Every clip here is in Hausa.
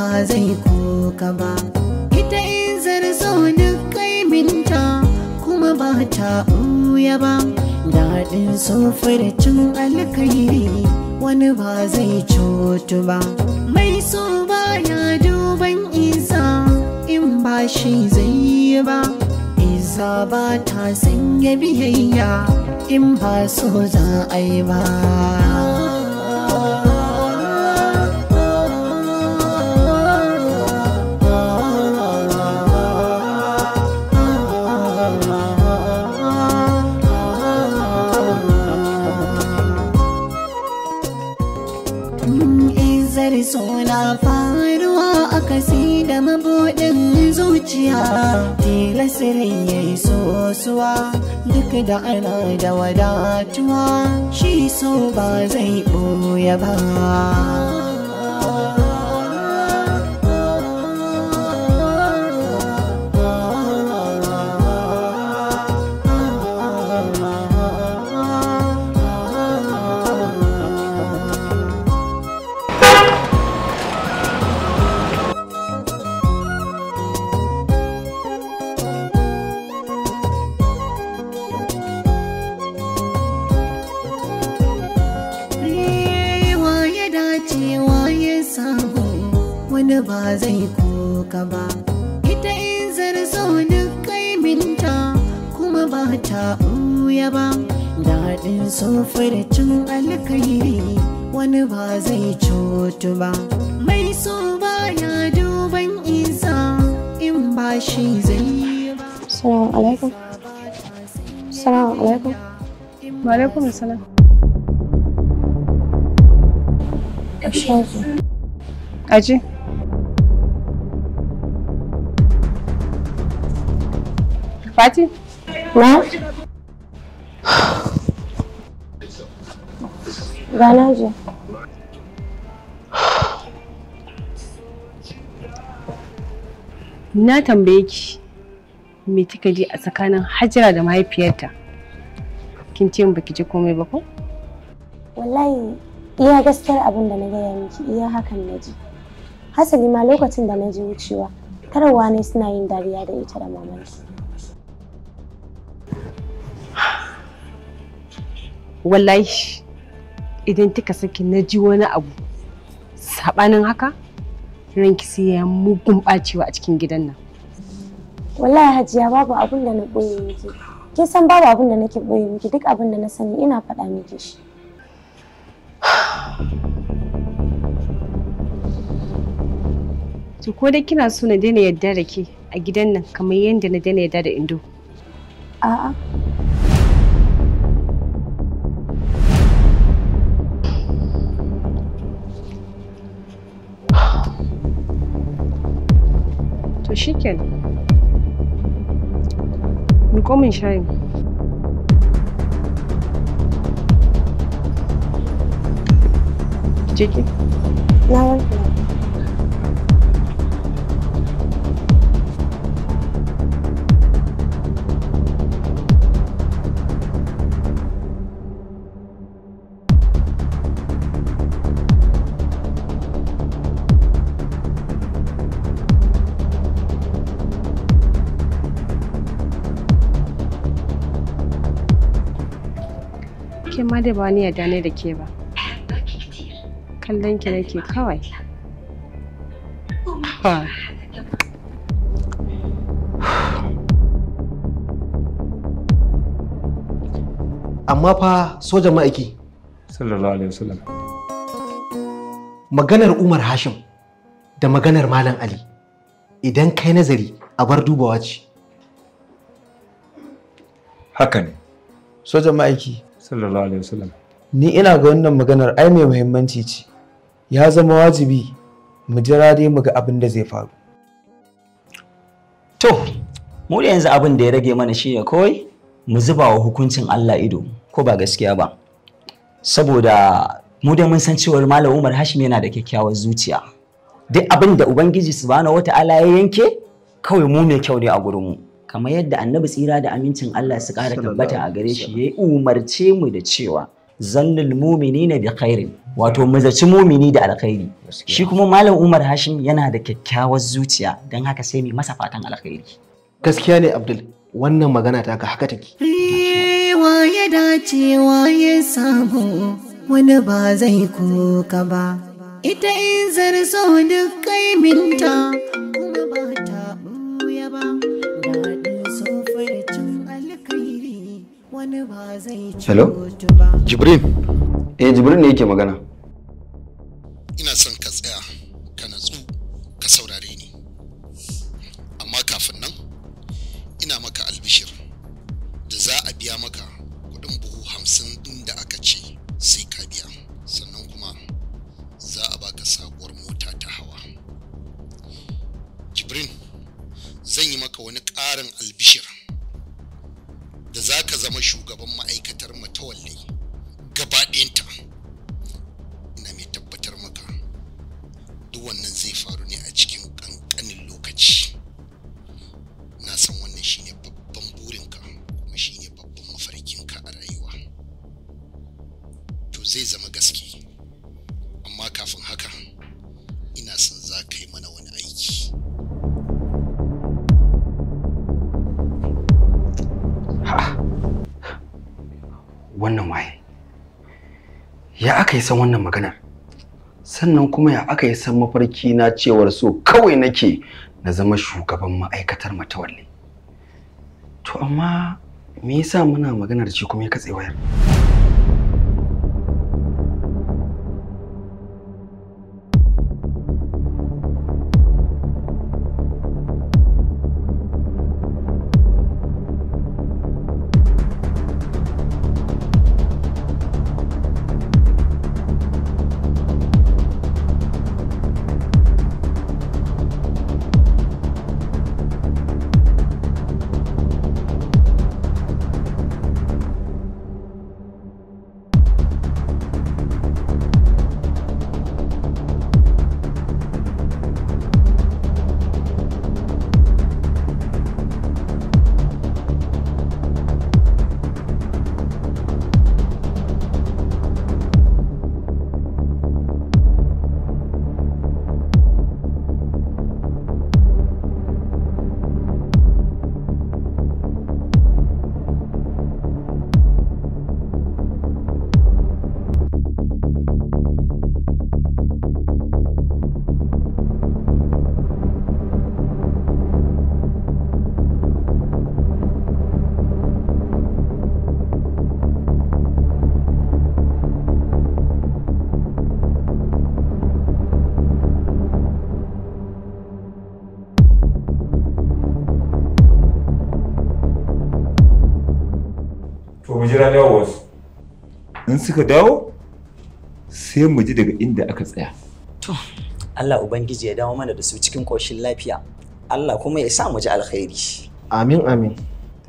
ba zai koka ba ita in zarzo kai minta kuma ba ta ɓuya ba daɗin cin alkairi wani ba zai cutu ba mai so ba ya duban isa in ba shi zai ba isa ba ta sanya biyayya in ba so za a yi ba suna faruwa a kasi da mabuɗin zuciya sirin ya yi sosuwa duk da ana da wadatuwa shi so ba zai ɓoye ba ba zai koka ba ita in zarzo duk kai minta kuma ba ta ɓuya ba daɗin sofar cin alkairi wani ba zai cutu ba mai so ba ya duban isa in ba shi zai yi ba salamu alaikum salamu alaikum salam Aji. Pati? Na? Gana Na tambaye ki me kika ji a tsakanin Hajara da mahaifiyarta? Kin ce baki ji komai ba ko? Wallahi iya gaskiyar abin da na gaya miki iya hakan na ji. Hasali ma lokacin da na ji wucewa, karawa ne suna yin dariya da ita da mamansu. wallahi idan kika saki na ji wani abu sabanin haka ranki sai ya mugun bacewa a cikin gidan nan wallahi hajiya babu abin da na boye miki kin san babu abin da nake boye miki duk abin da na sani ina faɗa miki shi to ko dai kina so na daina yadda da ke a gidan nan kamar yadda na daina yadda da indo a'a Chicken. kenan come min shayin Chicken. na dai ba ni yarda ne da ke ba kallon ki nake kawai ha amma fa sojan ma'aiki sallallahu alaihi wasallam maganar umar hashim da maganar malam ali idan kai nazari a bar dubawa ce haka ne sojan ma'aiki sallallahu alaihi wasallam ni ina ga wannan maganar ai mai muhimmanci ce ya zama wajibi mu jira dai mu ga abin da zai faru to mu da yanzu abin da ya rage mana shine kawai mu zuba wa hukuncin Allah ido ko ba gaskiya ba saboda mu da mun san cewar malam Umar Hashim yana da kyakkyawar zuciya duk abin da Ubangiji subhanahu wata'ala ya yanke kawai mu mai kyau ne a gurin mu kamar yadda annabi tsira da amincin Allah su ƙara tabbata a gare shi ya umarce mu da cewa zannul na bi khairin wato mazaci mumini da alkhairi shi kuma malam Umar Hashim yana da kyakkyawar zuciya don haka sai mai masa fatan alkhairi gaskiya ne Abdul wannan magana ta haka take ya dace ya sabo wani ba zai kuka ba ita in zarzo duk kai minta kuma ba ta buya ba Hello? Jibrin? Eh, Jibrin ne yake magana. Ina son zai zama gaske amma kafin haka ina son za ka yi mana wani aiki wannan waye ya aka yi san wannan maganar sannan kuma ya aka yi san mafarki na cewar so kawai nake na zama shugaban ma'aikatar matawalle to amma me yasa muna maganar ce kuma ya katse wayar jira dawo In suka dawo sai mu ji daga inda aka tsaya. To, Allah Ubangiji ya dawo mana da su cikin ƙoshin lafiya. Allah kuma ya sa mu ji alkhairi. Amin amin.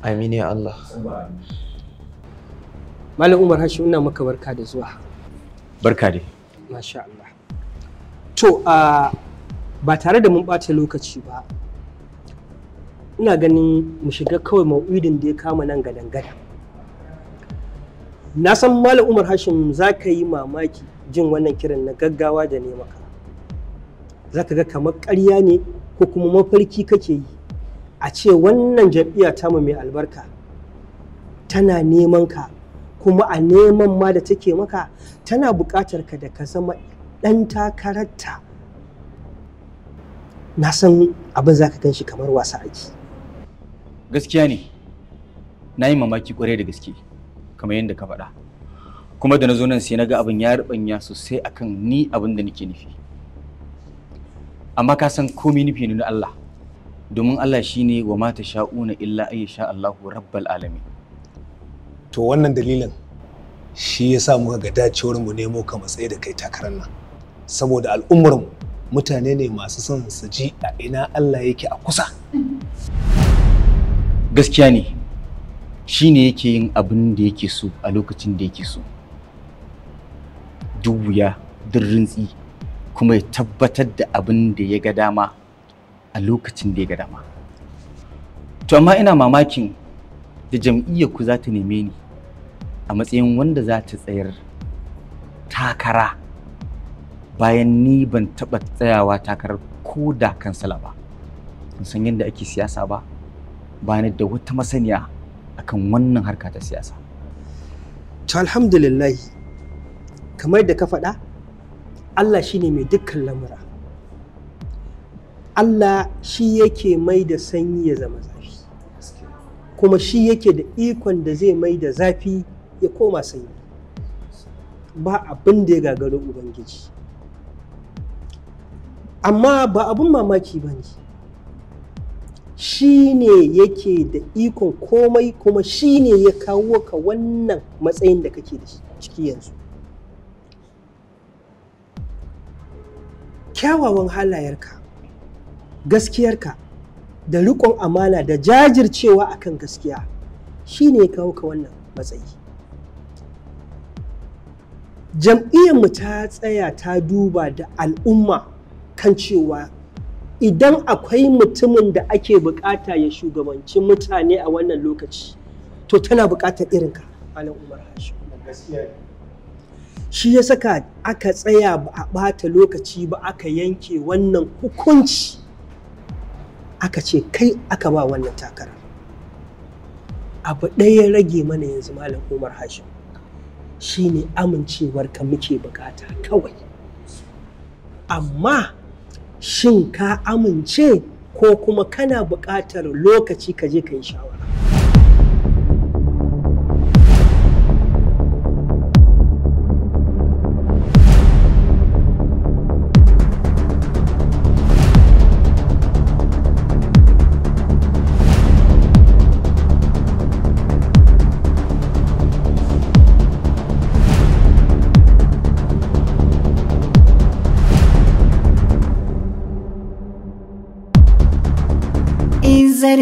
Amin ya Allah. Malam Umar Hashi, ina maka barka da zuwa. Barka dai. Masha Allah. To, ba tare da mun ɓata lokaci ba, ina ganin mu shiga kawai mau'idin da ya kama nan gadan-gadan. na san malam umar hashim za ka yi mamaki jin wannan kiran na gaggawa da nema ka. za ka ga kamar ƙarya ne ko kuma mafarki kake yi a ce wannan jam'iyya tamu mai albarka tana neman ka kuma a neman ma da take maka tana buƙatar ka da ka zama ɗan takararta na san abin za ka gan shi kamar wasa aiki gaskiya ne na yi mamaki ƙwarai da gaske kamar yadda ka faɗa kuma da na zo nan sai na ga abin ya rubanya sosai akan ni abin da nake nufi amma ka san komai nufi ne na Allah domin Allah shine wa mata sha'una illa ayya sha Allahu rabbal alamin to wannan dalilin shi yasa muka ga dacewar mu nemo ka matsayi da kai takarar nan saboda al'ummar mu mutane ne masu son su ji a ina Allah yake a kusa gaskiya ne Shi ne yake yin abin da yake so a lokacin da yake so duk wuya rintsi kuma ya tabbatar da abin da ya ga dama a lokacin da ya ga dama to amma ina mamakin da jam'iyyar ku za ta neme ni a matsayin wanda za ta tsayar takara bayan ni ban taɓa tsayawa takarar ko da kansala ba ban san yadda ake siyasa ba bayan da wata masaniya akan wannan harka ta siyasa to alhamdulillah kamar da ka faɗa Allah shine mai dukkan lamura Allah shi yake mai da sanyi ya zama zafi kuma shi yake da ikon da zai mai da zafi ya koma sanyi ba abin da ya gagaro ubangiji amma ba abin mamaki ba ne shi ne yake da ikon komai kuma shi ne ya kawo ka wannan matsayin da kake da ciki yanzu kyawawan halayarka gaskiyarka da riƙon amana da jajircewa akan gaskiya shi ne ya kawo ka wannan matsayi jam'iyyarmu ta tsaya ta duba da al'umma kan cewa idan akwai mutumin da ake bukata ya shugabanci mutane a wannan lokaci to tana bukatar irin ka malam umar hashim shi ya saka aka tsaya ba a bata lokaci ba aka yanke wannan hukunci aka ce kai aka ba wannan takara abu ɗaya rage mana yanzu malam umar hashim shine amincewar ka muke bukata kawai amma shin ka amince ko kuma kana buƙatar lokaci ka je ka yi shawara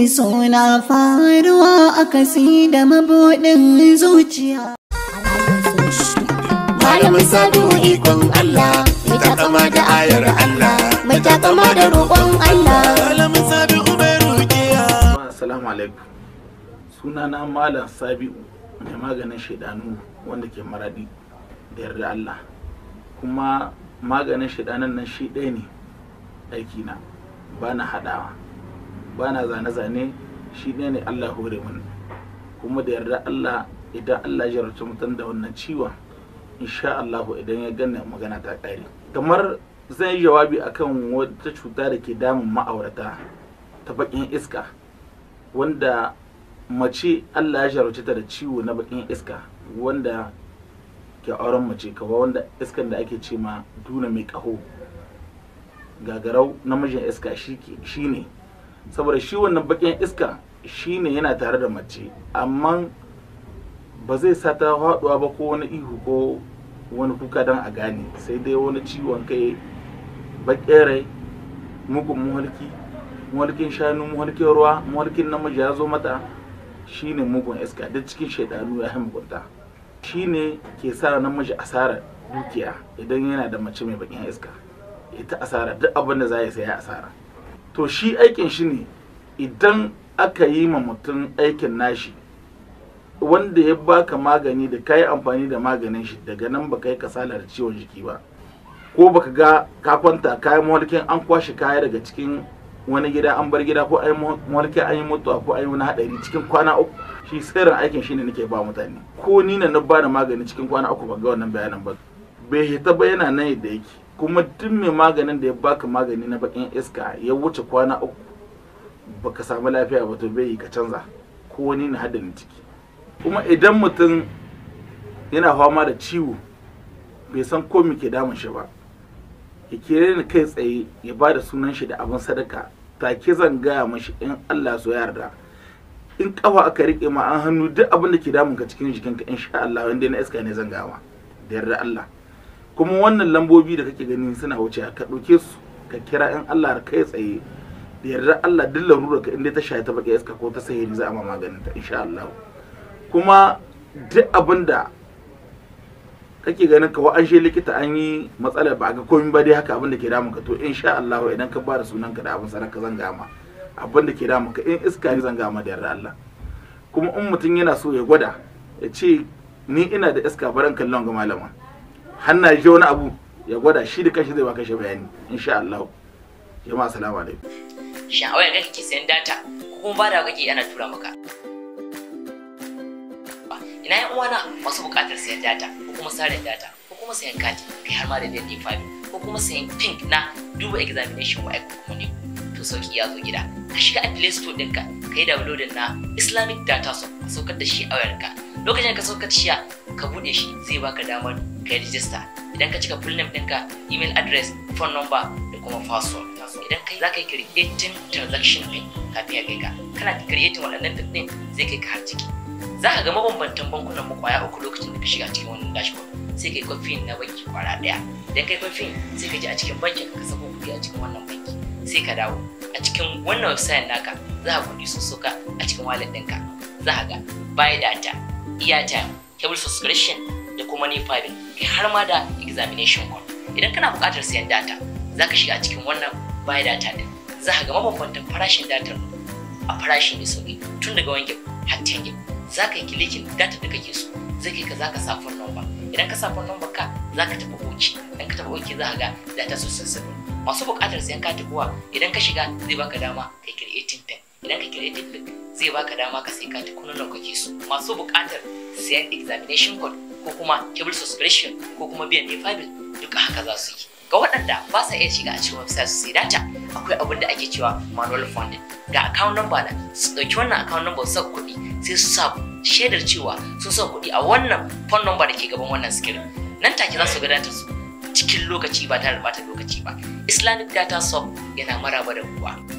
suna faruwa a kasi da mabuɗin zuciya. Malamin sadu ikon Allah, mai takama da ayar Allah, mai takama da roƙon Allah. Malamin sabi'u mai rukiya. Assalamu alaikum. Sunana Malam Sabi'u mai maganin shaidanu wanda ke maradi da yarda Allah. Kuma maganin shaidanan nan shi ɗaya ne aikina ba na haɗawa. ba na zane-zane shi ne ne Allah hore mun kuma da yarda Allah idan Allah ya jarabta mutum da wannan ciwon insha Allah idan ya gane magana ta ƙare kamar zan yi jawabi kan wata cuta da ke damun ma'aurata ta bakin iska wanda mace Allah ya jarabce ta da ciwo na baƙin iska wanda ke auren mace kawai wanda iskan da ake ce ma duna mai ƙaho gagarau namijin iska shi ne saboda shi wannan bakin iska shine yana tare da mace amma ba zai sa ta haɗuwa ba ko wani ihu ko wani kuka don a gane sai dai wani ciwon kai bakin mugun muhalki muhalkin shanu muhalkin ruwa muhalkin namiji ya zo mata shine mugun iska duk cikin shaidanu ya mugunta shine ke sa namiji asara dukiya idan yana da mace mai bakin iska ita asara duk abin da za ya sai asara to shi aikin shi ne idan aka yi ma mutum aikin nashi wanda ya baka magani da ka yi amfani da maganin shi daga nan baka yi kasala da ciwon jiki ba ko baka ga ka kwanta kayan mawalkin an kwashe kaya daga cikin wani gida an bar gida ko an mawalkin an yi mutuwa ko an wani haɗari cikin kwana uku shi sirrin aikin shi ne nake ba mutane ko ni na na bada magani cikin kwana uku ba ga wannan bayanan ba bai hita ba yana nan yadda yake kuma duk mai maganin da ya baka magani na bakin iska ya wuce kwana uku baka samu lafiya ba to bai ka canza ko wani na haddana ciki kuma idan mutum yana fama da ciwo bai san ko me ke damun shi ba ya kere ni kai tsaye ya bada sunan shi da abin sadaka take zan gaya mashi in Allah so yarda in kafa aka rike ma an hannu duk abin da ke damun ka cikin jikinka insha Allah wanda na iska ne zan gawa da yarda Allah kuma wannan lambobi da kake gani suna wuce ka ɗauke su ka kira in Allah kai tsaye da yarda Allah duk larura ka inda ta shaye ta baki iska ko ta sahihi za a ma maganin ta insha Allah kuma duk abin kake ganin ka she likita an yi matsalar ba ga komai ba dai haka abin da ke damun ka to insha Allah idan ka ba da sunan ka da abin sanar ka zanga ma abin da ke damun ka in iska ne zanga ma da yarda Allah kuma in mutum yana so ya gwada ya ce ni ina da iska baran kallon ga malama hanna wani abu ya gwada shi da kashi zai baka shi bayani insha Allah jama'a assalamu alaikum sha'awar da kake sayan data ko kuma ba da kake ana tura maka ina yan uwana masu bukatar sayan data ko kuma sarin data ko kuma sayan kati kai har ma da dai fabi ko kuma sayan pink na duba examination wa aiko kuma ne to sauki ya zo gida ka shiga a play store ɗinka ka yi downloading na islamic data so ka saukar da shi a wayarka lokacin ka saukar shi ka buɗe shi zai baka damar ka yi rijista idan ka cika full name ɗinka email address phone number da kuma password idan kai za ka yi creating transaction pin kafin ya kai ka kana creating waɗannan pin ɗin zai kai ka har ciki za ka ga mabambantan bankunan mu kwaya uku lokacin da ka shiga cikin wannan dashboard sai kai kwafin na banki kwara ɗaya idan kai kwafin sai ka je a cikin bankin ka sako kuɗi a cikin wannan banki sai ka dawo a cikin wannan website naka za ka kuɗi sosoka a cikin wallet ɗinka za ka ga buy data iya time cable subscription da kuma ne bill kai har ma da examination call idan kana buƙatar sayan data za ka shiga cikin wannan buy data din za ka ga mabambantan farashin data a farashi mai sauƙi tun daga wani har ten gig za ka yi kilikin data da kake so zai kai ka za ka sa phone number idan ka sa phone number ka za ka taɓa oki idan ka taɓa oki za ka ga data sosai sosai masu buƙatar sayan katin kuwa idan ka shiga zai baka dama kai creating pin idan ka creating pin zai baka dama ka sai katin kuna nawa kake so masu buƙatar sayan examination code ko kuma cable subscription ko kuma biyan ne bill duka haka za su yi ga waɗanda ba sa iya shiga a cikin website su sai data akwai abin da ake cewa manual funding ga account number na su ɗauki wannan account number su saka kuɗi sai su sa shaidar cewa sun saka kuɗi a wannan phone number da ke gaban wannan screen nan take za su ga data su cikin lokaci ba tare da bata lokaci ba islamic data shop yana maraba da ruwa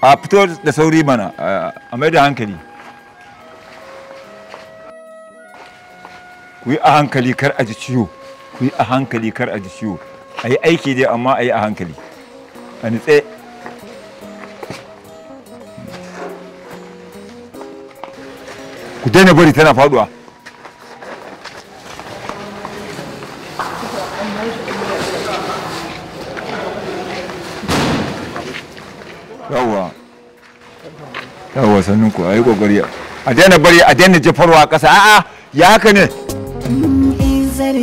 a fito da sauri mana a mai da hankali ku yi a hankali kar a ji ciwo ku yi a hankali kar a ji ciwo a yi aiki dai amma a yi a hankali a nitse ku daina bari tana faduwa sannin ku ayi kokari a daina bari a daina jefarwa kasa a'a ya haka ne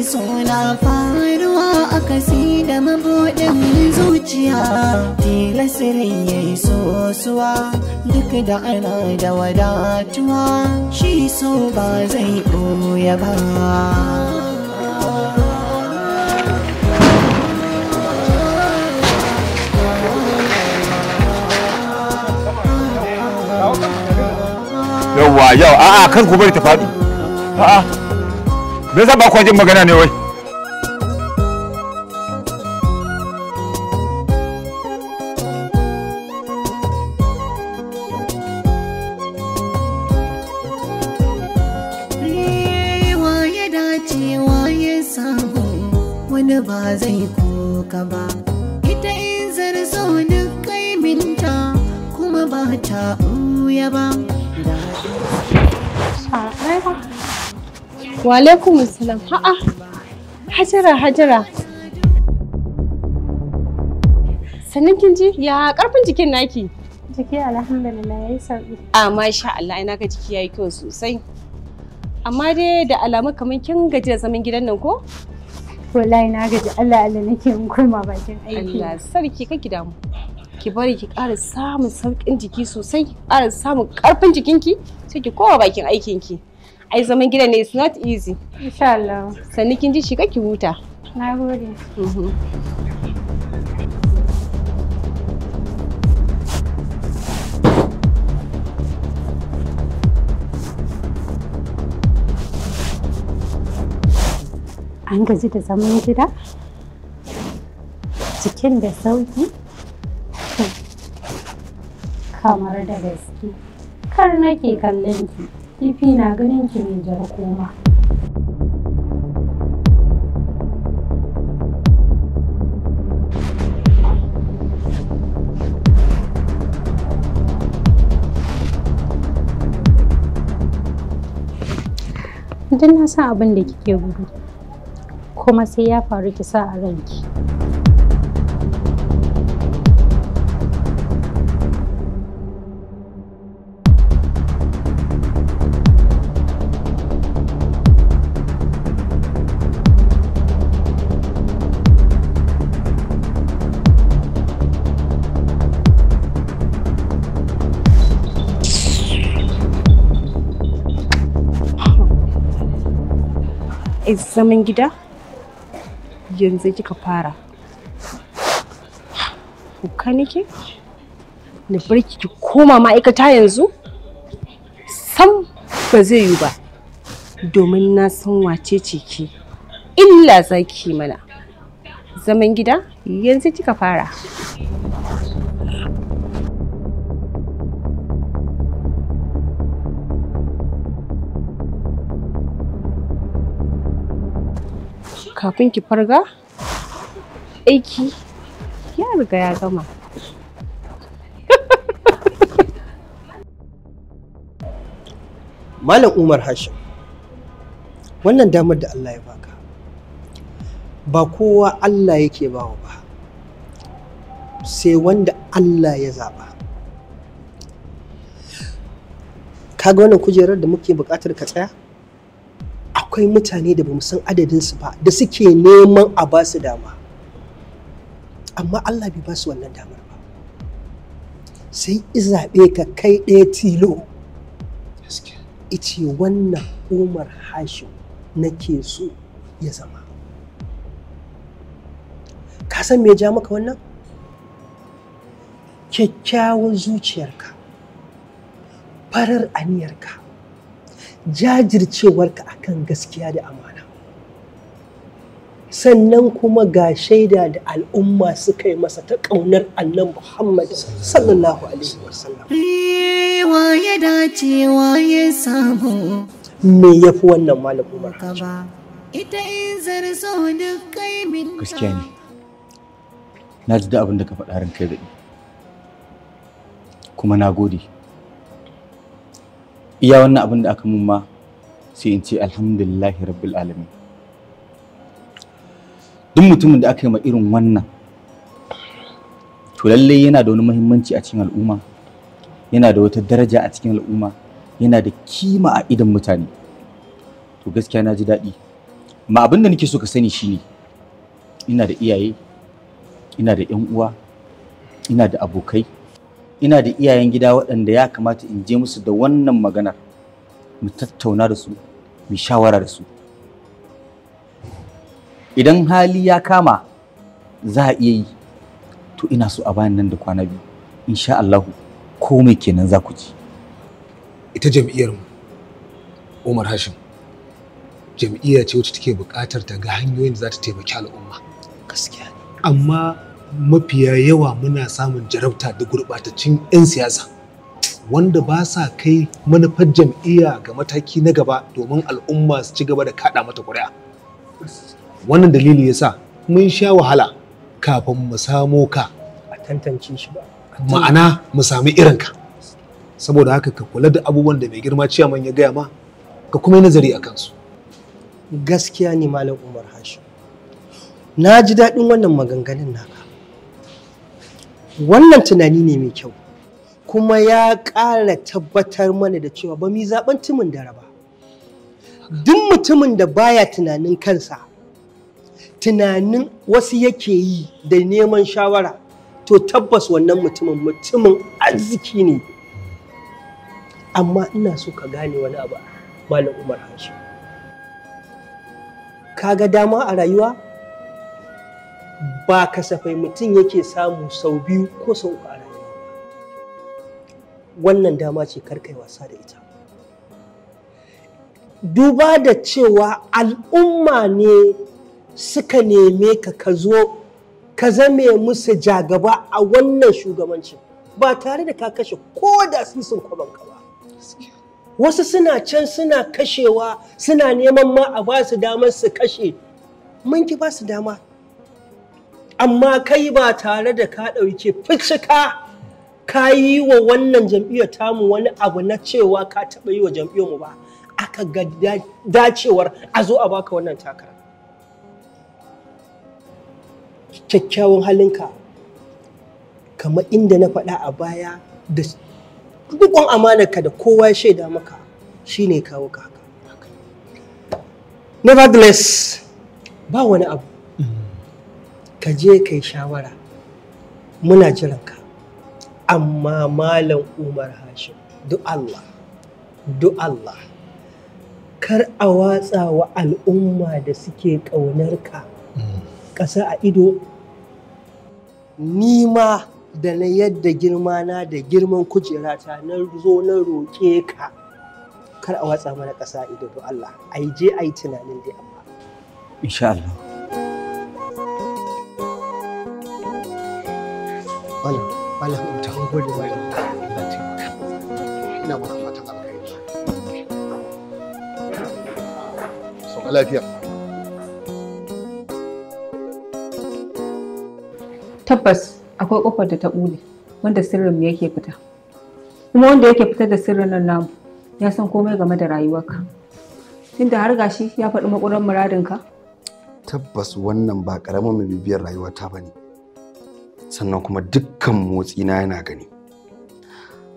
suna faruwa da mabuɗin zuciya da ana da wadatuwa shi so ba zai ɓoye ba Wa yau a'a kan ku bari ta faɗi a'a me yasa ba ku jin magana ne wai Walaikum salam. Ha'a. Hajara Hajara. Sannan kin ji ya karfin jikin naki? Jiki alhamdulillah yayi sauki. Ah masha Allah ina ga jiki yayi kyau sosai. Amma dai da alamu kamar kin gaji da zaman gidan nan ko? Wallahi na gaji Allah Allah nake in koma bakin aiki. Allah sarki kake damu. ki bari ki ƙara samun sauƙin jiki sosai ƙara samun ƙarfin jikinki sai ki kowa bakin aikinki. ai zaman gidan ne it's not easy insha Allah sanni kin ji shi ki huta na gode mhm. an gaji da zaman gida cikin da sauki kamar da gaske kar nake kallon ki kifi na ganin ki mai jar koma idan na san abin da kike gudu kuma sai ya faru kisa a ranki zaman gida yanzu kika fara kuka nake na barki ki koma ma'aikata yanzu sam ba zai yi ba domin na san wace ce ki illa zaki mana zaman gida yanzu kika fara kafin ki farga aiki ya riga ya gama malam umar hashim wannan damar da allah ya baka ba kowa allah yake bawa ba sai wanda allah ya zaba kaga wannan kujerar da muke buƙatar ka tsaya akwai mutane da bamu san adadinsu ba da suke neman a ba su dama amma Allah bai ba su wannan damar ba sai zaɓe ka kai ɗaya tilo ice wannan umar hashim nake so ya zama ka san me ja maka wannan kyakkyawan zuciyarka farar aniyarka jajircewarka akan gaskiya da amana sannan kuma ga shaida da al'umma suka yi masa ta ƙaunar annan Muhammad sallallahu alaihi wasallam. ya dace ya samu. Me ya fi wannan malam Umar Ita in Gaskiya ne. Na ji da abin da ka faɗa ran kai daɗi. Kuma na gode. iya wannan abin da aka mun ma sai in ce alhamdulillahi rabbil alamin duk mutumin da aka yi ma irin wannan to lallai yana da wani muhimmanci a cikin al'umma yana da wata daraja a cikin al'umma yana da kima a idan mutane to gaskiya na ji daɗi ma abin da nake so ka sani shine ina da iyaye ina da 'yan uwa ina da abokai ina da iyayen gida waɗanda ya kamata in je musu da wannan maganar mu tattauna da su mu shawara da su idan hali ya kama za a iya yi to ina so a bayan nan da kwana biyu insha Allahu komai kenan za ku ji ita jam'iyyar mu Umar Hashim jam'iyya ce wacce take buƙatar ta ga hanyoyin da za ta taimaki al'umma gaskiya amma mafiya yawa muna samun jarabta da gurɓataccen 'yan siyasa wanda ba sa kai manufar jam'iyya ga mataki na gaba domin al'umma su ci gaba da kaɗa mata ƙuri'a wannan dalili ya sa mun sha wahala kafin mu samo ka a tantance shi ba ma'ana mu sami ka, saboda haka ka kula da abubuwan da mai girma ciyaman ya gaya ma ka kuma yi nazari a kansu gaskiya ne malam umar hashi na ji daɗin wannan maganganun naka wannan tunani ne mai kyau kuma ya ƙara tabbatar mana da cewa ba mu zaben timin da raba duk mutumin da baya tunanin kansa tunanin wasu yake yi da neman shawara to tabbas wannan mutumin mutumin arziki ne amma ina so ka gane wani abu malam umar hashi ka ga dama a rayuwa ba kasafai mutum yake samu sau biyu ko sau uku a rayuwa wannan dama ce karkai wasa da ita duba da cewa al'umma ne suka neme ka ka zo ka zame musu jagaba a wannan shugabancin ba tare da ka kashe ko da kwaban ka ba wasu suna can suna kashewa suna neman ma a ba su damar su kashe mun ki ba su dama amma kai ba tare da ka ɗauke fiska ka yi wa wannan jam'iyyar tamu wani abu na cewa ka taɓa yi wa jam'iyyar mu ba aka ga dacewar a zo a baka wannan takara kyakkyawan halinka kamar inda na faɗa a baya da dukkan ka da kowa ya shaida maka shine kawo ka haka nevertheless ba wani abu ka je kai shawara muna jiranka amma malam umar hashim du Allah du Allah kar a watsa wa al'umma da suke ƙaunarka ƙasa a ido nima da na yadda na da girman kujerata na zo na roƙe ka kar a watsa mana ƙasa a ido du Allah ai je ai tunanin dai amma insha Allah tabbas akwai kofar da ta bule wanda sirrin yake fita kuma wanda yake fitar da sirrin nan namu ya san komai game da rayuwarka tunda har gashi ya faɗi makurar muradinka tabbas wannan ba ƙaramin bibiyar rayuwata ba ne sannan kuma dukkan motsi na yana gani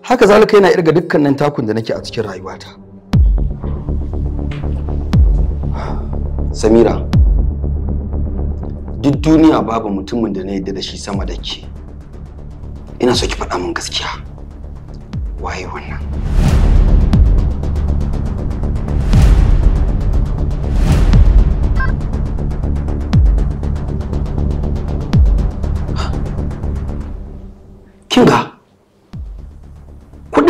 haka zalika yana irga nan takun da nake a cikin rayuwata samira duk duniya babu mutumin da na yadda da shi sama da ke ina so ki faɗa min gaskiya waye wannan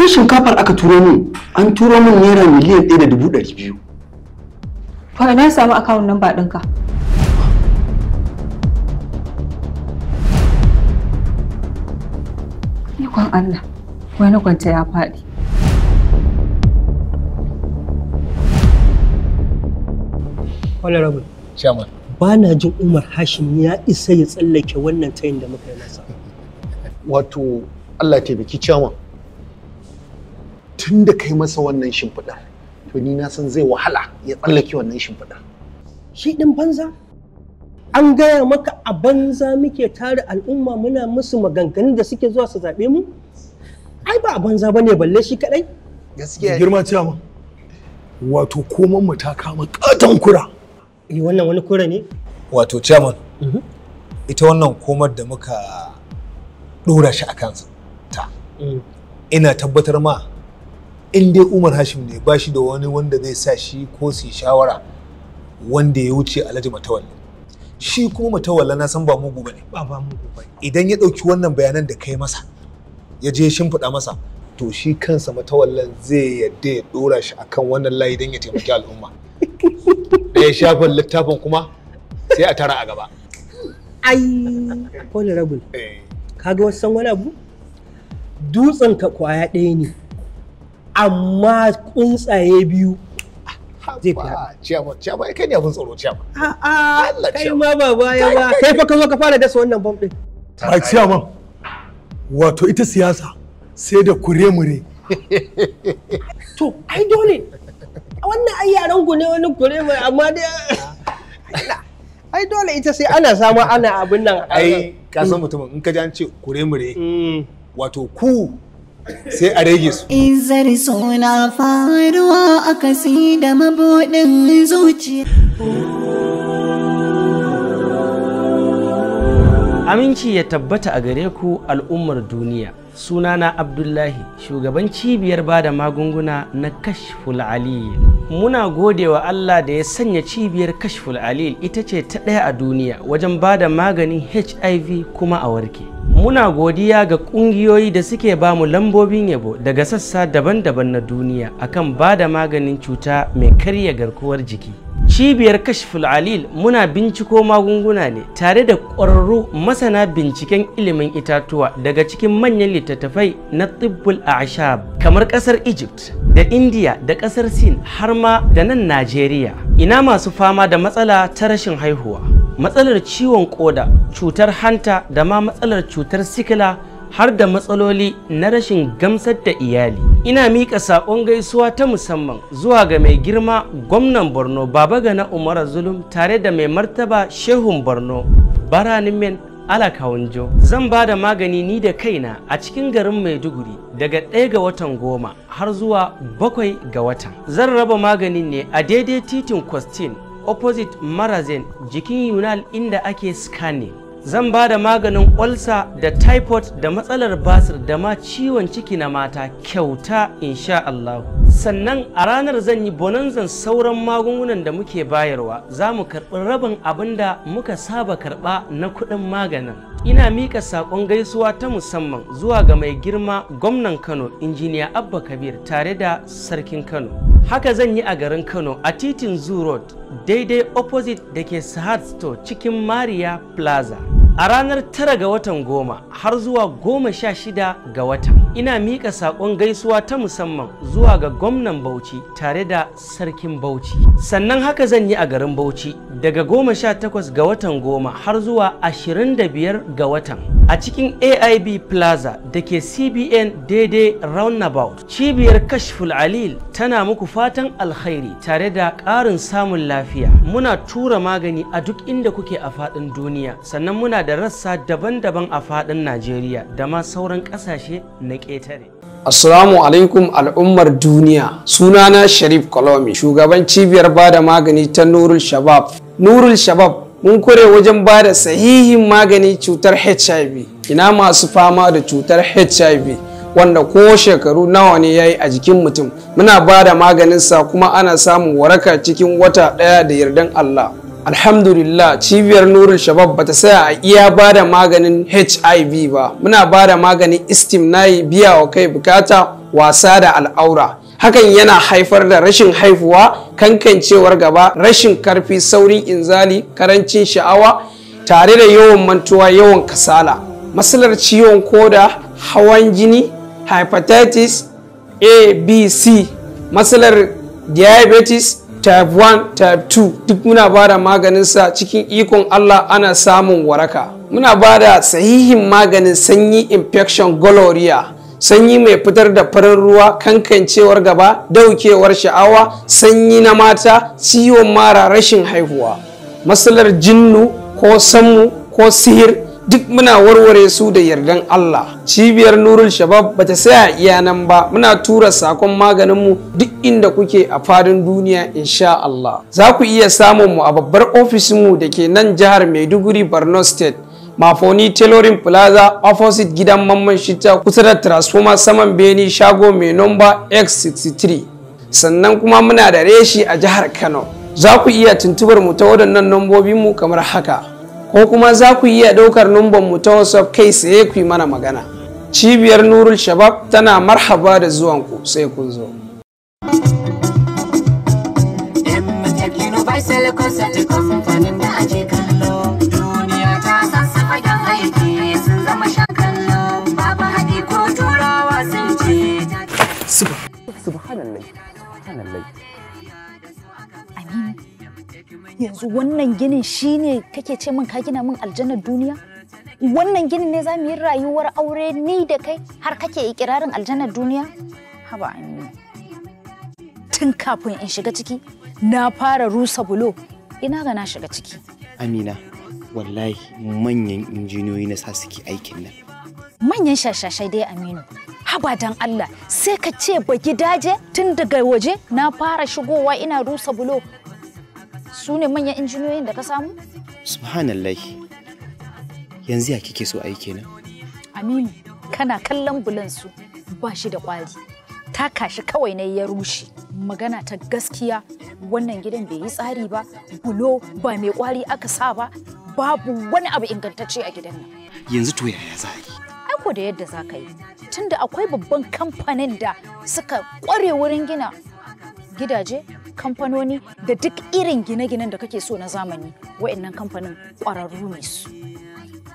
shinkafar aka turo min an turo min naira miliyan ɗaya da dubu ɗari biyu. Fa ina samu akawun nan ba ɗinka. Ikon Allah, wani kwanta ya faɗi. Rabu. Shama. Ba na jin Umar Hashim ya isa ya tsallake wannan tayin da muka yi nasa. Wato Allah taimaki Chairman. tun da kai masa wannan shimfiɗar to ni na san zai wahala ya tsallake wannan shimfiɗar shi ɗin banza an gaya maka a banza muke tare al'umma muna musu maganganun da suke zuwa su zaɓe mu ai ba a banza ba ne balle shi kaɗai gaskiya girma ciyama wato koman mu ta kama katon kura eh wannan wani kura ne wato chairman mhm. ita wannan komar da muka dora shi a kansa ta mm. ina tabbatar ma in dai umar hashim ne ba shi da wani wanda zai sa shi ko su shawara wanda ya wuce a alhaji matawalla shi kuma matawalla na san ba mugu ba ne ba ba idan ya ɗauki wannan bayanan da kai masa ya je shimfiɗa masa to shi kansa matawallan zai yadda ya ɗora shi akan wannan layi don ya taimaki al'umma da ya shafa littafin kuma sai a tara a gaba ai honorable eh. kaga ga wasan wani abu dutsen ka kwaya ɗaya ne amma kuntsaye biyu zai fi haka. Ciyama, ya kai ne abin tsoro ciyama. A'a, kai ma ba baya ba. Kai fa ka zo ka fara dasa wannan bam ɗin. A ciyama, wato ita siyasa sai da kure-mure. To, ai dole. Wannan ai yaran ku ne wani kure-mure, amma dai. Ai dole ita sai ana samu ana abin nan. Ai, ka san mutumin in ka ji an ce kure-mure. Mm. Wato ku sai a rage su. In zari suna faruwa a kasi da mabuɗin zuciya. Aminci ya tabbata a gare ku al'ummar duniya. sunana abdullahi shugaban cibiyar bada magunguna na kashful alil muna gode wa allah da ya sanya cibiyar kashful alil ita ce ta ɗaya a duniya wajen bada maganin hiv kuma a warke muna godiya ga ƙungiyoyi da suke ba mu lambobin yabo daga sassa daban-daban na duniya akan ba da maganin cuta mai karya garkuwar jiki cibiyar kashiful alil muna binciko magunguna ne tare da ƙwararru masana binciken ilimin itatuwa daga cikin manyan littattafai na tibbul ashab kamar ƙasar egypt da india da ƙasar sin har ma da nan najeriya ina masu fama da matsala ta rashin haihuwa matsalar ciwon koda cutar hanta da ma matsalar cutar sikila har da matsaloli na rashin gamsar da iyali ina mika saƙon gaisuwa ta musamman zuwa ga mai girma gwamnan borno baba gana umara zulum tare da mai martaba shehun borno baranin men alakawunjo zan ba da magani ni da kaina a cikin garin maiduguri daga ɗaya ga watan goma har zuwa bakwai ga watan zan raba maganin ne a daidai titin kwastin opposite marazin jikin yunal inda ake scanning zan ba da maganin olsa da typhoid da matsalar basir da ma ciwon ciki na mata kyauta insha Allah sannan a ranar zan yi bonanzan sauran magungunan da muke bayarwa za mu karɓi rabin abin da muka saba karɓa na kuɗin maganin ina mika sakon gaisuwa ta musamman zuwa ga mai girma gwamnan kano injiniya abba kabir tare da sarkin kano haka zan yi a garin kano a titin zoo road daidai opposite da ke sahad store cikin maria plaza A ranar tara ga watan goma har zuwa goma sha shida ga watan ina miƙa saƙon gaisuwa ta musamman zuwa ga gwamnan Bauchi tare da sarkin Bauchi. Sannan haka zan yi a garin Bauchi daga goma sha takwas ga watan goma har zuwa ashirin da biyar ga watan. A cikin AIB Plaza da ke CBN daidai roundabout cibiyar Kashful Alil tana muku fatan alkhairi tare da ƙarin samun lafiya. Muna tura magani a duk inda kuke a faɗin duniya sannan muna yana da rassa daban-daban a faɗin Najeriya da ma sauran ƙasashe na ƙetare. Assalamu alaikum al'ummar duniya sunana Sharif Kolomi shugaban cibiyar bada magani ta Nurul Shabab. Nurul Shabab mun kure wajen ba da sahihin magani cutar HIV ina masu fama da cutar HIV. wanda ko shekaru nawa ne ya yi a jikin mutum muna ba da maganinsa kuma ana samun waraka cikin wata ɗaya da yardan Allah alhamdulillah cibiyar nurul shabab bata saya a iya ba da maganin hiv ba muna ba da maganin istimnai biya wa kai bukata wasa da al'aura hakan yana haifar da rashin haifuwa kankancewar gaba rashin karfi saurin inzali karancin sha'awa tare da yawan mantuwa yawan kasala Masalar ciwon koda hawan jini hepatitis a b c Masalar diabetes type 1 type 2 duk muna ba da sa cikin ikon allah ana samun waraka muna ba da sahihin maganin sanyi infection gonorrhea sanyi mai fitar da farin ruwa kankancewar gaba daukewar sha'awa sanyi na mata ciwon mara rashin haihuwa matsalar jinnu ko sammu ko sihir duk muna warware su da yardan Allah cibiyar nurul shabab ba bata saya iya nan ba muna tura sakon maganinmu duk inda kuke a fadin duniya insha Allah za ku iya samun mu a babbar ofishinmu da ke nan jihar Maiduguri Borno State Mafoni Tailoring Plaza opposite gidan Mamman Shitta kusa da Transformer saman Beni shago mai nomba X63 sannan kuma muna da reshi a jihar Kano za ku iya tuntubar mu ta waɗannan mu kamar haka ko kuma za ku yi a ɗaukar numban mu ta whatsapp kai tsaye ku yi mana magana cibiyar nurul shabab tana marhaba da zuwanku sai kun zo Subhanallah. yanzu wannan ginin shine kake ce min ka gina min aljannar duniya wannan ginin ne za mu yi rayuwar aure ni da kai har kake ikirarin aljannar duniya haba tun kafin in shiga ciki na fara rusa bulo ina ga na shiga ciki amina wallahi manyan injiniyoyi na sa suke aikin nan manyan shashashai dai aminu haba dan Allah sai ka ce ba gidaje tun daga waje na fara shigowa ina rusa bulo su ne manyan injiniyoyin da ka samu? Subhanallah. Yanzu ya kike so a yi kenan? Aminu, kana kallon bulansu ba shi da kwari. Ta kashi kawai na ya rushe. Magana ta gaskiya wannan gidan bai yi tsari ba, bulo ba mai kwari aka sa ba, babu wani abu ingantacce a gidan nan. Yanzu to yaya za a yi? Aiko da yadda za ka yi. Tunda akwai babban kamfanin da suka kware wurin gina gidaje kamfanoni da duk irin gine-ginen da kake so na zamani wa'annan kamfanin ƙwararru ne su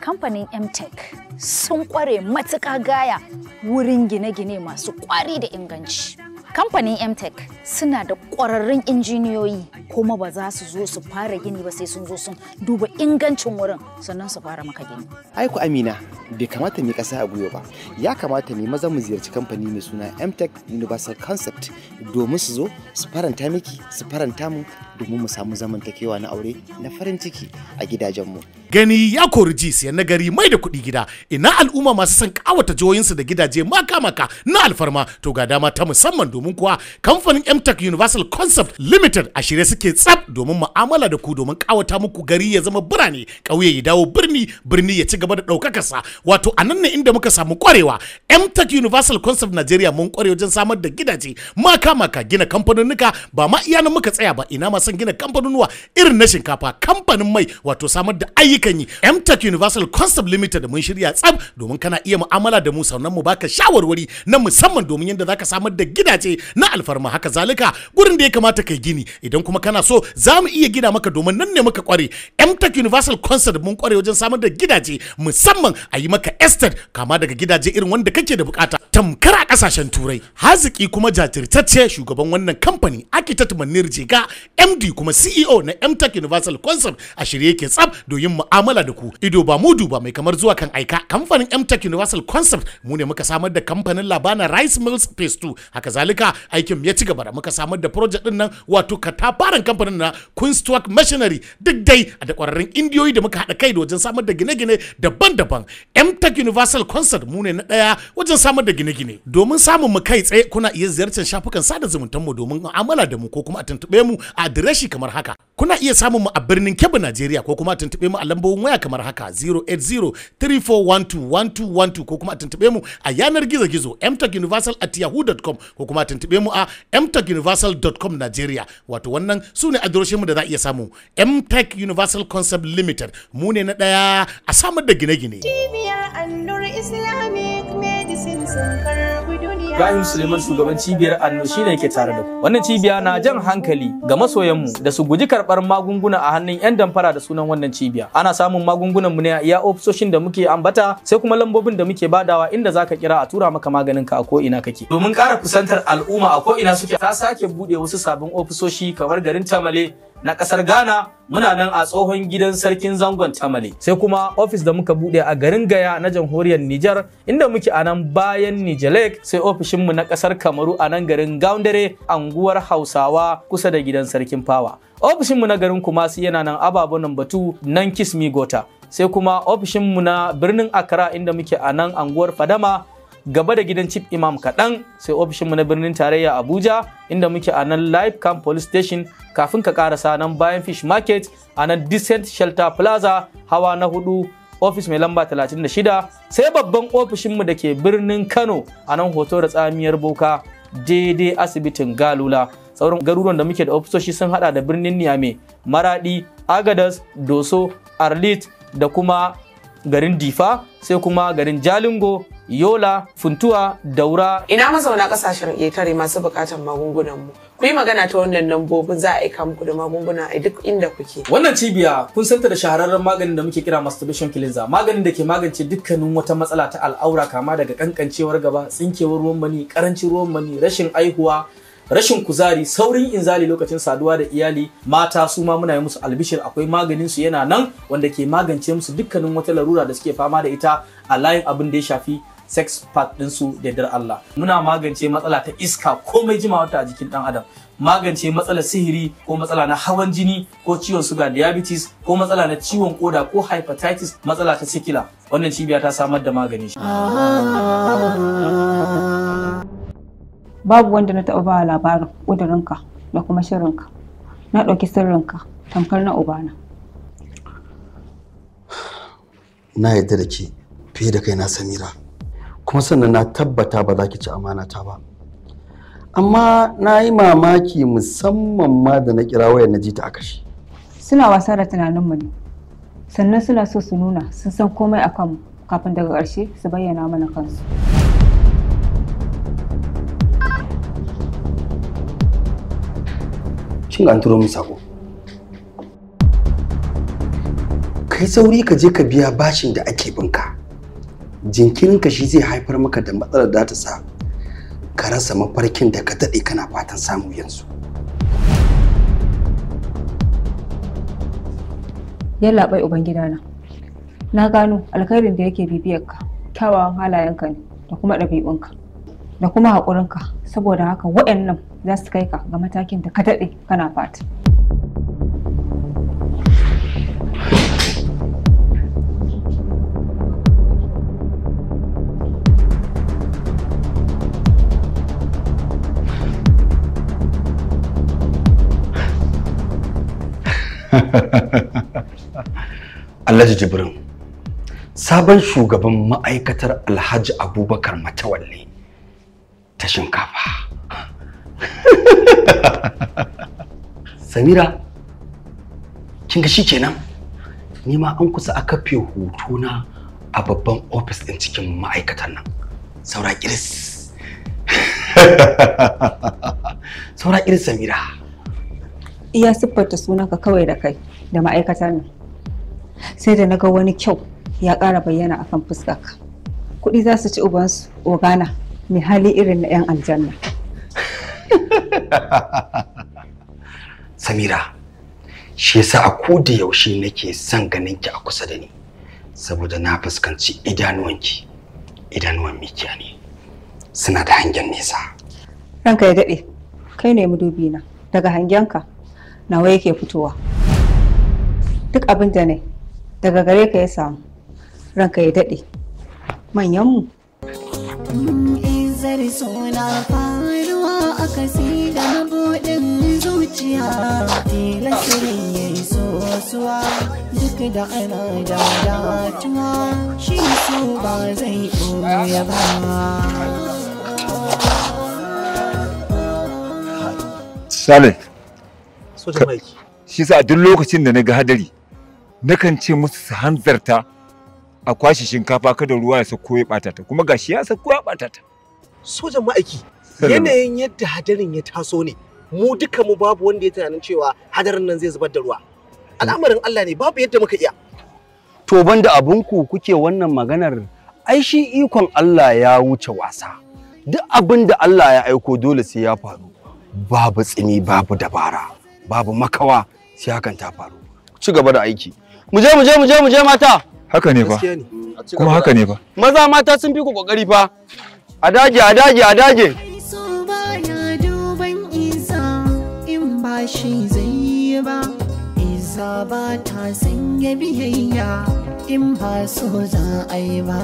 kamfanin mtech sun ƙware matuƙa gaya wurin gine-gine masu ƙwari da inganci kamfanin mtech suna da ƙwararrun injiniyoyi kuma ba za su zo su fara gini ba sai sun zo sun duba ingancin wurin sannan su fara maka gini aiku amina bai kamata mu kasa a gwiwa ba ya kamata ne maza mu ziyarci kamfani mai suna mtech universal concept domin su zo su faranta miki su faranta mu domin mu samu zamantakewa na aure na farin ciki a gidajenmu gani ya kori ji siyan nagari mai da kuɗi gida ina al'umma masu son kawata jihohinsu da gidaje maka maka na alfarma to ga dama ta musamman domin kuwa kamfanin mtech universal concept limited a shirye suke tsab domin ma'amala da ku domin kawata muku gari ya zama birane kauye ya dawo birni birni ya ci gaba da ɗaukakarsa wato a nan ne inda muka samu kwarewa mtech universal concept nigeria mun kware wajen samar da gidaje maka maka gina kamfanonuka ba ma iya muka tsaya ba ina ma son gina kamfanonuwa irin na shinkafa kamfanin mai wato samar da ayyuka kan yi mtech universal concept limited mun shirya tsab domin kana iya mu'amala da mu sannan mu baka shawarwari na musamman domin yadda zaka samar da gidaje na alfarma haka zalika gurin da ya kamata kai gini idan kuma kana so za mu iya gina maka domin nan ne muka kware mtech universal concept mun kware wajen samar da gidaje musamman a yi maka estate kama daga gidaje irin wanda kake da bukata tamkar a kasashen turai haziki kuma jajirtacce shugaban wannan kamfani ta manir jega md kuma ceo na mtech universal concept a shirye ke tsab domin mu'amala da ku ido ba mudu ba mai kamar zuwa kan aika kamfanin mtech universal concept mu ne muka samar da kamfanin labana rice mills phase 2 haka zalika aikin ya ci gaba da muka samar da project din nan wato katafaren kamfanin na kunstwork machinery duk dai a da kwararrun indiyoyi da muka haɗa kai da wajen samar da gine-gine daban-daban mtech universal concept mu ne na ɗaya wajen samar da gine gine-gine domin samun mu kai tsaye kuna iya ziyartar shafukan sada zumuntar mu domin mu'amala da mu ko kuma a mu a adireshi kamar haka kuna iya samun mu a birnin Kebbi Najeriya ko kuma a mu a lambobin waya kamar haka 08034121212 ko kuma a tuntuɓe mu a yanar gizo-gizo mtechuniversal@yahoo.com ko kuma a mu a mtechuniversal.com Najeriya wato wannan su ne adireshin mu da za a iya samu mtech universal concept limited mu ne na daya a samar da gine-gine. Cibiyar Annur Islamic Ibrahim Suleiman shugaban cibiyar Anno shine yake tare da ku. Wannan cibiya na jan hankali ga masoyanmu da su guji karɓar magunguna a hannun 'yan damfara da sunan wannan cibiya. Ana samun magungunan mu ne a iya ofisoshin da muke ambata sai kuma lambobin da muke badawa inda zaka kira a tura maka maganin ka a ko ina kake. Domin ƙara kusantar al'umma a ko ina suke ta sake buɗe wasu sabbin ofisoshi kamar garin Tamale na kasar Ghana muna nan a tsohon gidan sarkin zangon Tamale. Sai kuma ofis da muka bude a garin Gaya na jamhuriyar Nijar inda muke a nan bayan lake sai ofishinmu na kasar Kamaru a nan garin Gaundare anguwar Hausawa kusa da gidan sarkin Fawa. Ofishinmu na garin Kumasi yana nan ababunan batu nan Kismi Gota. Sai kuma ofishinmu na birnin Accra inda muke a nan anguwar Fadama gaba da gidan chief imam kaɗan sai ofishinmu na birnin tarayya abuja inda muke a nan live camp police station kafin ka karasa nan bayan fish market a nan decent shelter plaza hawa na hudu ofis mai lamba 36 sai babban ofishinmu da ke birnin kano a nan hoto da tsamiyar boka daidai asibitin galula sauran garuruwan da muke da ofisoshi sun hada da birnin niamey maradi agadas doso arlit da kuma garin difa sai kuma garin jalingo yola funtuwa daura ina mazauna kasashen ƙetare masu buƙatar magungunan mu ku yi magana ta wannan lambobin za a aika muku da magunguna a duk inda kuke wannan cibiya kun santa da shahararren maganin da muke kira masturbation cleanser maganin da ke magance dukkanin wata matsala ta al'aura kama daga kankancewar gaba tsinkewar ruwan mani karancin ruwan mani rashin aihuwa rashin kuzari saurin inzali lokacin saduwa da iyali mata su ma muna yi musu albishir akwai maganin su yana nan wanda ke magance musu dukkanin wata larura da suke fama da ita a layin abin da ya shafi sex part su da dar Allah muna magance matsala ta iska komai jimawa ta a jikin ɗan adam magance matsalar sihiri ko matsala na hawan jini ko ciwon suga diabetes ko matsala na ciwon koda ko hepatitis matsala ta sikila wannan cibiya ta samar da magani ah. babu wanda na taɓa ba labarin ƙudurinka da kuma shirinka na ɗauki sirrinka tamkar na ubana na yadda da ke fiye da kai na samira kuma sannan na tabbata ba za ki ci amanata ba amma na yi mamaki musamman ma da na kira wayar na ji ta akashi suna wasa da tunaninmu ne sannan suna so su nuna sun san komai a kanmu kafin daga ƙarshe su bayyana mana kansu shin an turo min sako kai sauri ka je ka biya bashin da ake binka jinkirinka shi zai haifar maka da matsalar da ta sa ka rasa mafarkin da ka daɗe kana fatan samu yanzu yalla bai ubangidana na gano alkhairin da yake bibiyarka kyawawan halayenka ne da kuma ɗabi'unka da kuma haƙurinka saboda haka waɗannan za su kai ka ga matakin da ka daɗe kana fata. allahji Jibrin, sabon shugaban ma'aikatar Alhaji Abubakar Matawalle ta shinkafa samira kin ga shikenan ni ma an kusa aka kafe hotona a babban ofis ɗin cikin ma'aikatan nan saura Iris. saura Iris samira iya siffarta sunanka kawai da kai da ma'aikatan nan sai da na ga wani kyau ya ƙara bayyana akan fuskarka kuɗi za su ci ubansu ogana mai hali irin na 'yan aljanna samira shi yasa a koda yaushe nake son ganin ki a kusa da ni saboda na fuskanci idanuwanki idanuwan mikiya ne suna da hangen nesa ranka ya daɗe kai ne madubi na daga hangenka nawa yake fitowa duk abin da ne daga gare ka ya samu ranka ya daɗe manyanmu mm -hmm. Waƙar suna faruwa a kasida zuciya ya duk Shi so ba zai shi sa duk lokacin da na ga hadari, nakan ce musu hanzarta a kwashe shinkafa kada ruwa ya sauko ya ɓata kuma gashi ya sauko ya ɓata sojan ma'aiki yanayin yadda hadarin ya taso ne mu duka mu babu wanda ya tunanin cewa hadarin nan zai zubar da ruwa al'amarin Allah ne babu yadda muka iya to banda abunku kuke wannan maganar ai shi ikon Allah ya wuce wasa duk abin da Allah ya aiko dole sai ya faru babu tsini babu dabara babu makawa sai hakan ta faru ci gaba da aiki mu je mu je mu je mu je mata haka ne fa kuma haka ne fa maza mata sun fi ku kokari fa a dage a dage a dage ba iza ba ta sanya biyayya in ba so za a yi ba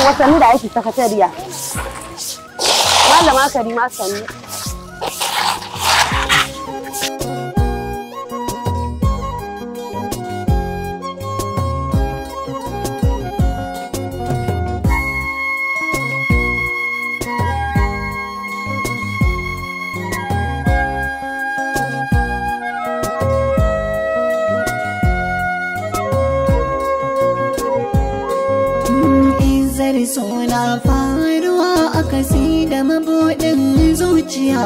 wasanni da aiki sakatariya Malama Karima sannu. suna zama mabuɗin zuciya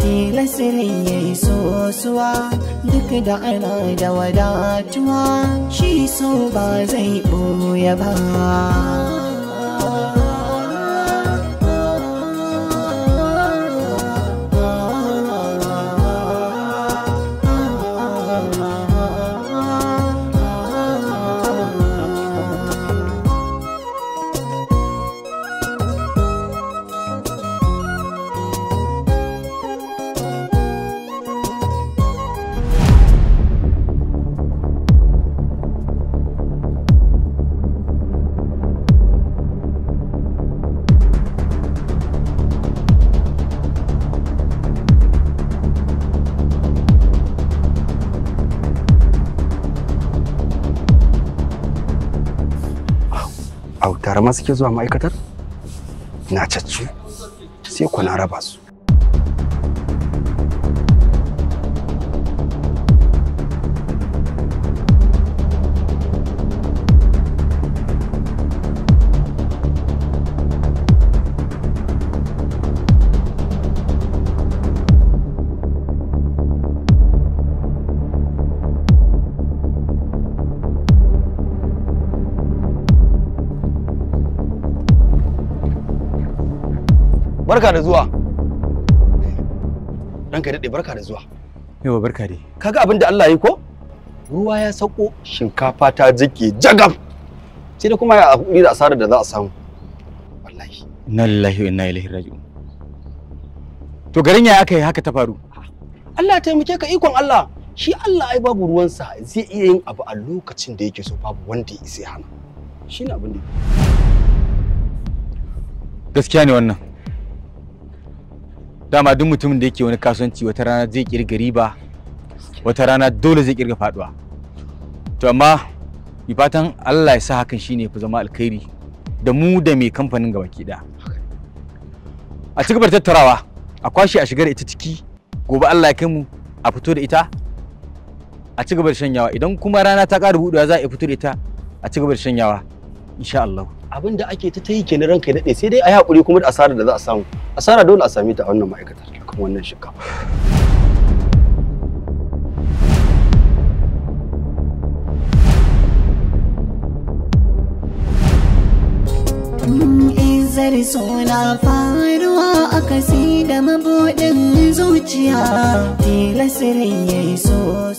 tilasirin ya yayi sosuwa duk da ana da wadatuwa shi so ba zai ɓoye ba ma suke zuwa ma'aikatar na cacce sai ku na raba su barka da zuwa ranka daɗe barka da zuwa yawa barka dai kaga abin da Allah yi ko ruwa ya sauko shinkafa ta jike jagab sai da kuma ya hakuri da asarar da za a samu wallahi inna lillahi wa inna ilaihi raji'un to garin ya aka yi haka ta faru Allah taimake ka ikon Allah shi Allah ai babu ruwansa zai iya yin abu a lokacin da yake so babu wanda ya isa hana shine abin da gaskiya ne wannan dama duk mutumin da yake wani kasuwanci wata rana zai kirga riba wata rana dole zai kirga faduwa to amma bi fatan Allah ya sa hakan shine ku zama alkhairi da mu da mai kamfanin gaba ki da a ci gaba tattarawa a kwashe a shigar da ita ciki gobe Allah ya kai mu a fito da ita a ci gaba shanyawa idan kuma rana ta ƙara buɗewa za a fito da ita a ci gaba da shanyawa insha Allah abin da ake ta yi kenan ranka daɗe sai dai a yi haƙuri kuma da asarar da za a samu asara dole a same ta a wannan ma'aikatar kan wannan shinkafa Zar suna faruwa a kasi da mabuɗin zuciya tilasirin ya yi so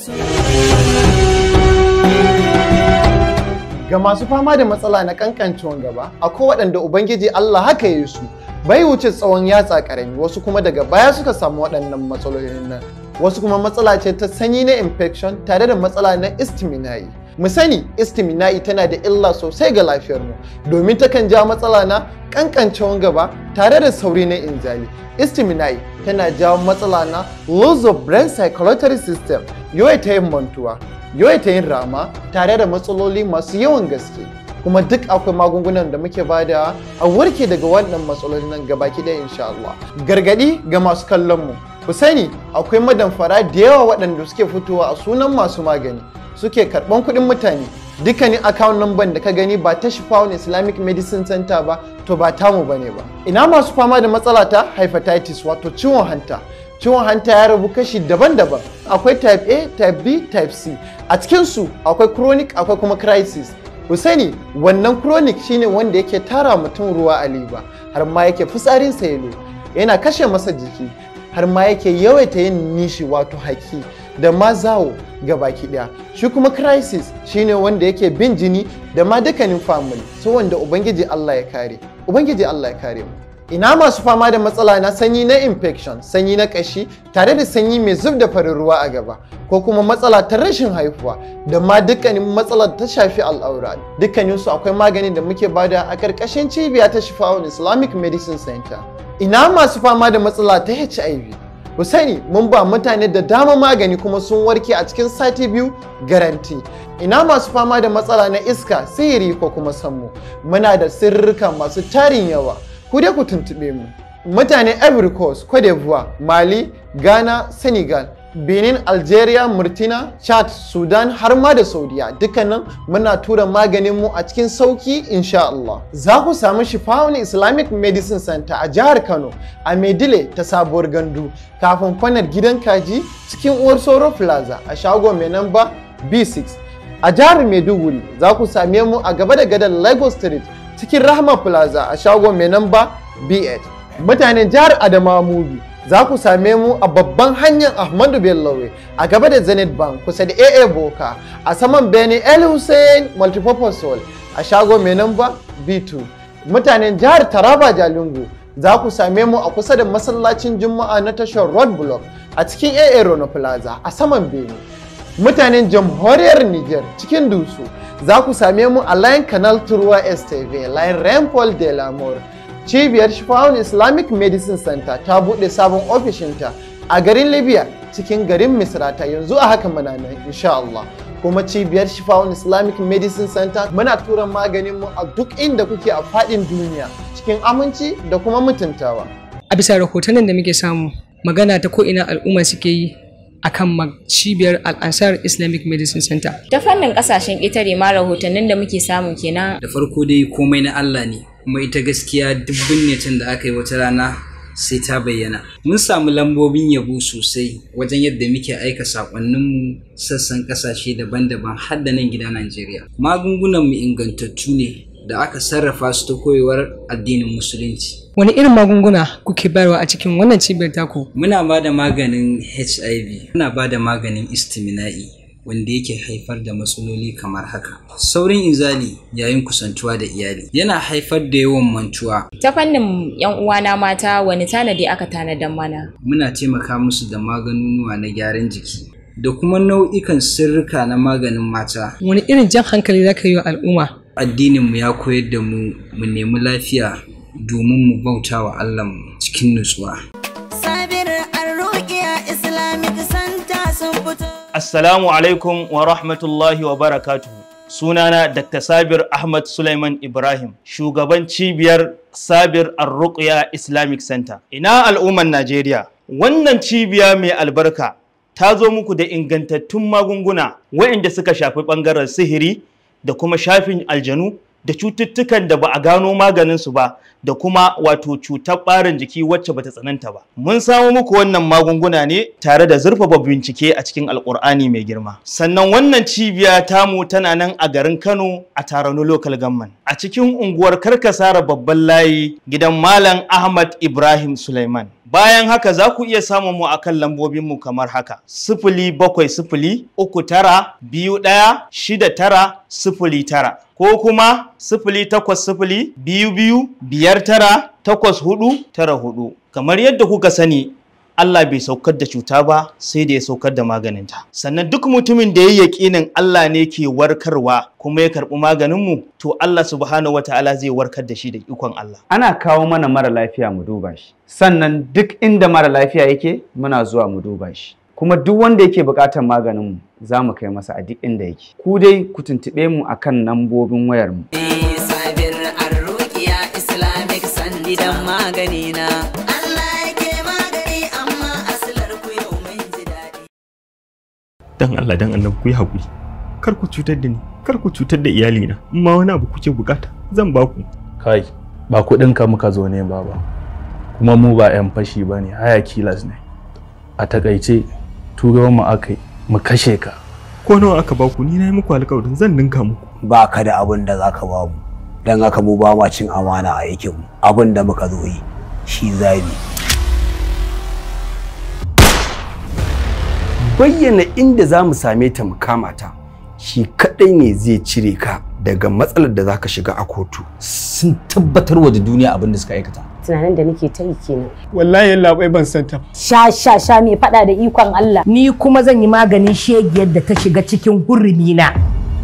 Ga masu fama da matsala na kankancewan gaba, akwai waɗanda Ubangiji Allah haka ya yi su, bai wuce tsawon yatsa ƙarami, wasu kuma daga baya suka samu waɗannan matsalolin nan. Wasu kuma matsala ce ta sanyi na infection tare da matsala na istimina'i. Mu sani istimina'i tana da illa sosai ga lafiyarmu, domin takan ja matsala na kankancewan gaba tare da sauri na injali. Istimina'i tana jawo matsala na loss of brain circulatory system, yawaita yin mantuwa, yawaita yin rama tare da matsaloli masu yawan gaske kuma duk akwai magungunan da muke bada a warke daga wannan matsalolin nan gabaki ɗaya insha Allah gargadi ga masu kallon mu ku sani akwai madamfara da yawa waɗanda suke fitowa a sunan masu magani suke karɓan kuɗin mutane dukkanin account number da ka gani ba ta wani Islamic Medicine Center ba to ba tamu bane ba ina masu fama da matsala ta hepatitis wato ciwon hanta ciwon hanta ya rabu kashi daban-daban akwai type a type b type c a cikinsu akwai chronic akwai kuma crisis ku sani wannan chronic shine wanda yake tara mutum ruwa a liba har ma yake fitsarin yalo yana kashe masa jiki har ma yake yawaita yin nishi wato haki da ma zawo ga baki daya shi kuma crisis shine wanda yake bin jini da ma dukkanin family so wanda ubangiji Allah ya kare ubangiji Allah ya kare mu Ina masu fama da matsala na sanyi na infection, sanyi na ƙashi, tare da sanyi mai zub da farin ruwa a gaba, ko kuma matsala ta rashin haihuwa, da ma dukkanin matsalar ta shafi al'aura. Dukkaninsu akwai maganin da muke bada a karkashin cibiya ta Shifa'un Islamic Medicine Center. Ina masu fama da matsala ta HIV. Ku sani mun ba mutane da dama magani kuma sun warke a cikin sati biyu garanti. ina masu fama da matsala na iska sihiri ko kuma sammu muna da sirrika masu tarin yawa ku dai ku tuntuɓe mu mutane ivory coast cote d'ivoire mali ghana senegal benin algeria murtina chad sudan har ma da saudiya dukkanin muna tura maganin mu a cikin sauki insha Allah za ku samu shifawun islamic medicine center a jihar kano a medile ta sabuwar gandu kafin kwanar gidan kaji cikin uwar soro plaza a shagon mai namba b6 a jihar maiduguri za ku same mu a gaba da gadan lagos street cikin Rahma Plaza a shagon mai namba B8. Mutanen jihar Adama Mubi za ku same mu a babban hanyar Ahmadu Bellowe a gaba da Zenith Bank kusa da AA Boka a saman Bene El Hussein Multipurpose Hall a shagon mai namba B2. Mutanen jihar Taraba Jalingo za ku same mu a kusa da masallacin Juma'a na tashar Road Block a cikin AA Rono Plaza a saman Bene. mutanen jamhuriyar Niger cikin dusu za ku same mu a layin Canal Turwa STV, layin Rainfall de la Mor. Cibiyar Shifawun Islamic Medicine Center ta buɗe sabon ofishinta a garin Libya cikin garin Misrata yanzu a haka muna nan insha Allah. Kuma cibiyar Shifawun Islamic Medicine Center muna tura mu a duk inda kuke a faɗin duniya cikin aminci da kuma mutuntawa. A bisa rahotannin da muke samu, magana ta ko ina al'umma suke yi akan cibiyar al'ansar islamic medicine center ta fannin kasashen ƙetare ma rahotannin da muke samu kenan da farko dai komai na allah ne kuma ita gaskiya duk binnetin da aka yi wata rana sai ta bayyana mun samu lambobin yabo sosai wajen yadda muke aika mu sassan kasashe daban-daban har da nan gida najeriya magungunan mu ingantattu ne da aka sarrafa su ta koyewar addinin musulunci. Wani irin magunguna kuke bayarwa a cikin wannan cibiyar taku? Muna ba da maganin HIV, muna ba da maganin istimina'i wanda yake haifar da matsaloli kamar haka. Saurin inzali yayin kusantuwa da iyali yana haifar da yawan mantuwa. Ta fannin 'yan uwana mata wani tanadi aka tanadan mana? Muna taimaka musu da maganunuwa na gyaran jiki. da kuma nau'ikan sirrika na maganin mata. Wani irin jan hankali za ka yi wa al'umma addininmu ya koyar da mu mu nemi lafiya domin mu bauta wa Allah cikin nutsuwa. Assalamu alaikum wa rahmatullahi wa barakatu Sunana Dr. Sabir Ahmad Sulaiman Ibrahim, shugaban cibiyar Sabir Arruqya Islamic Center. Ina al'umman Najeriya, wannan cibiya mai albarka ta zo muku da ingantattun magunguna wa'inda suka shafi ɓangaren sihiri, da kuma shafin aljanu da cututtukan da ba a gano maganinsu ba da kuma wato cutar ɓarin jiki wacce bata tsananta ba. Mun samu muku wannan magunguna ne tare da zurfafa bincike a cikin alkur'ani mai girma. Sannan wannan cibiya mu tana nan a garin Kano a Tarano Local gamman. A cikin unguwar Karkasara babban layi gidan Malam Ahmad Ibrahim suleiman Bayan haka za ku iya samun mu a akan lambobinmu kamar haka sifili bakwai sifili uku tara biyu ɗaya shida tara sifili tara ko kuma sifili takwas sifili biyu biyu biyar tara takwas hudu tara hudu. Kamar yadda kuka sani Allah bai saukar da cuta ba sai da ya saukar da maganinta. Sannan duk mutumin da ya yi yaƙinin Allah ne ke warkarwa kuma ya karɓi maganinmu to Allah subhanahu wa ta'ala zai warkar da shi da ikon Allah. Ana kawo mana mara lafiya mu duba shi. Sannan duk inda mara lafiya yake muna zuwa mu duba shi. Kuma duk wanda yake buƙatar maganinmu za mu kai masa a duk inda yake. Ku dai ku tuntuɓe mu akan nambobin wayarmu. Sabin Islamic magani na. dan Allah dan Allah ku yi hakuri kar ku cutar da ni kar ku cutar da iyalina in ma wani abu kuke bukata zan ba ku kai ba kuɗin ka muka zo ne baba kuma mu ba 'yan fashi bane ne haya kilas ne a takaice turawan mu aka mu kashe ka ko nawa aka ba ku ni na yi muku alƙawarin zan ninka muku ba ka da abin da za ka ba mu dan haka mu ba ma cin amana a yakin abin da muka zo yi shi zabi bayyana inda za mu same ta mu kama ta shi kadai ne zai cire ka daga matsalar da zaka shiga a kotu sun tabbatar wa da duniya abin da suka aikata tunanin da nake ta yi kenan wallahi yalla bai ban san ta sha sha sha me fada da ikon Allah ni kuma zan yi maganin shegiyar da ta shiga cikin gurumi na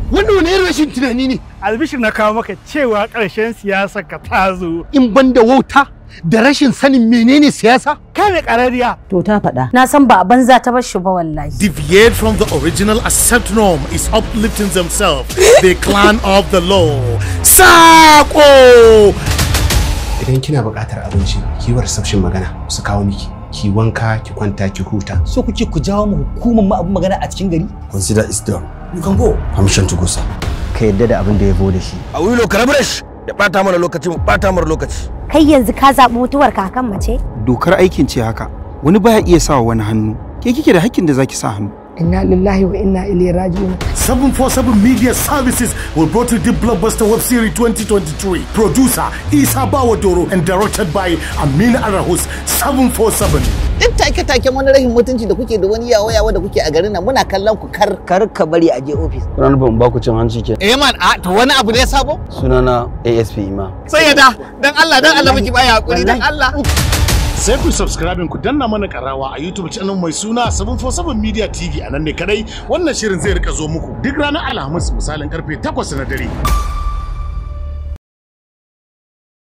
wannan wani rashin tunani ne albishir na kawo maka cewa ƙarshen siyasar ka ta zo in banda wauta da rashin sanin menene siyasa? Kare ƙarariya. To ta faɗa. Na san ba a banza ta bar shi ba wallahi. Deviate from the original accept norm is uplifting themselves. the clan of the law. Sako! Idan kina buƙatar abinci, ki sabshin magana su kawo miki. Ki wanka, ki kwanta, ki huta. So kuke ku jawo mu hukumar ma abin magana a cikin gari? Consider is done. You can go. Permission to go, sir. Ka yadda da abin da ya bude shi. A wilo, da bata mana lokaci mu bata mana lokaci kai yanzu ka zaɓi mutuwar kakan mace dokar aikin ce haka wani baya iya sawa wani hannu ke kike da hakkin da zaki sa hannu Inna lillahi wa inna ilayhi raji'un. 747 Media Services will brought to the blockbuster web series 2023. Producer Isa Bawadoro and directed by Amin Arahus 747. duk take-taken wani rahin mutunci da kuke da wani yawo-yawo da kuke a garin nan muna kallon ku kar kar ka bari a je office kuna nufin ba ku cin hanci ke eh man a to wani abu ne sabo sunana ASP Ima sai ya da dan Allah dan Allah miki baya hakuri dan Allah sai ku subscribe ku danna mana karawa a YouTube channel mai suna 747 Media TV a nan ne kadai wannan shirin zai rika zo muku duk ranar Alhamis misalin karfe 8 na dare.